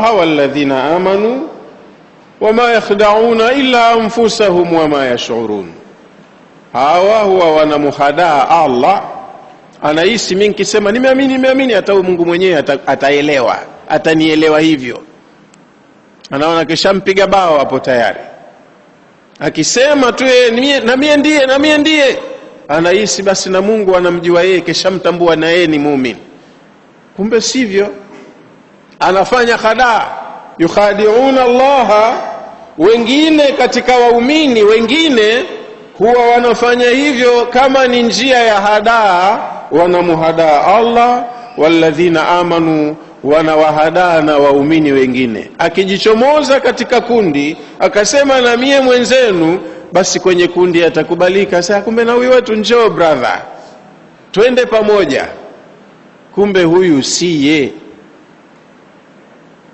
hawa alladhina amanu wama yakhda'una illa anfusahum wama yash'urun, hawa huwa wanamuhadaa Allah. Anahisi mimi nikisema nimeamini, nimeamini, hata Mungu mwenyewe ataelewa, atanielewa. Hivyo anaona kishampiga bao hapo tayari, akisema tu na mie ndiye, na mie ndiye, anahisi basi na Mungu anamjua yeye, kishamtambua na yeye ni muumini, kumbe sivyo anafanya khadaa yukhadiuna llaha wengine katika waumini wengine huwa wanafanya hivyo kama ni njia ya hadaa wanamuhadaa allah walladhina amanu wanawahadaa na waumini wengine akijichomoza katika kundi akasema na mie mwenzenu basi kwenye kundi atakubalika saa kumbe na huyu wetu njoo brother twende pamoja kumbe huyu siye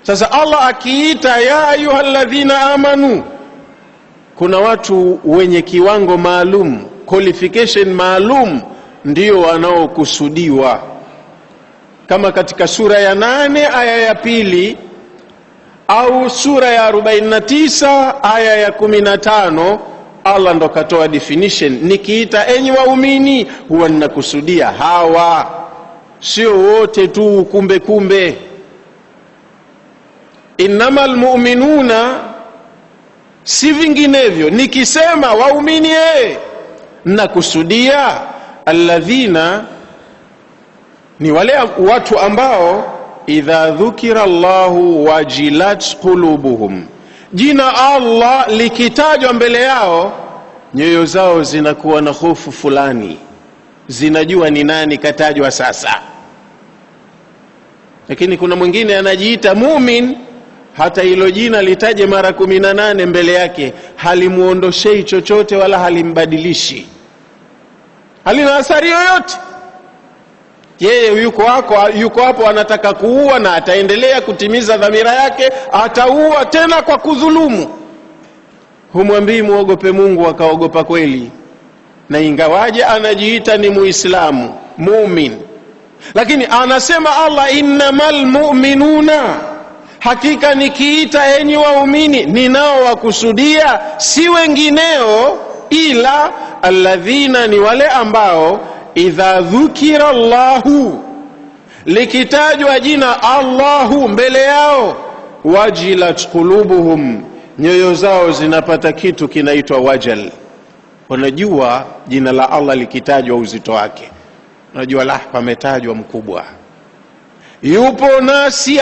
sasa Allah akiita ya ayuha alladhina amanu, kuna watu wenye kiwango maalum, qualification maalum, ndio wanaokusudiwa, kama katika sura ya nane aya ya pili au sura ya 49 aya ya 15. Allah ndo katoa definition, nikiita enyi waumini huwa ninakusudia hawa, sio wote tu kumbe kumbe innama lmuminuna si vinginevyo nikisema waumini nakusudia alladhina ni wale watu ambao idha dhukira llahu wajilat qulubuhum jina allah likitajwa mbele yao nyoyo zao zinakuwa na hofu fulani zinajua ni nani katajwa sasa lakini kuna mwingine anajiita mumin hata hilo jina litaje mara kumi na nane mbele yake halimuondoshei chochote wala halimbadilishi halina athari yoyote yeye yuko wako yuko hapo anataka kuua na ataendelea kutimiza dhamira yake ataua tena kwa kudhulumu humwambii muogope mungu akaogopa kweli na ingawaje anajiita ni muislamu mumin lakini anasema allah innamal muminuna hakika nikiita enyi waumini ninaowakusudia si wengineo ila alladhina, ni wale ambao idha dhukira llahu, likitajwa jina Allahu mbele yao, wajilat qulubuhum, nyoyo zao zinapata kitu kinaitwa wajal. Wanajua jina la Allah likitajwa uzito wake, wanajua lah, pametajwa mkubwa, yupo nasi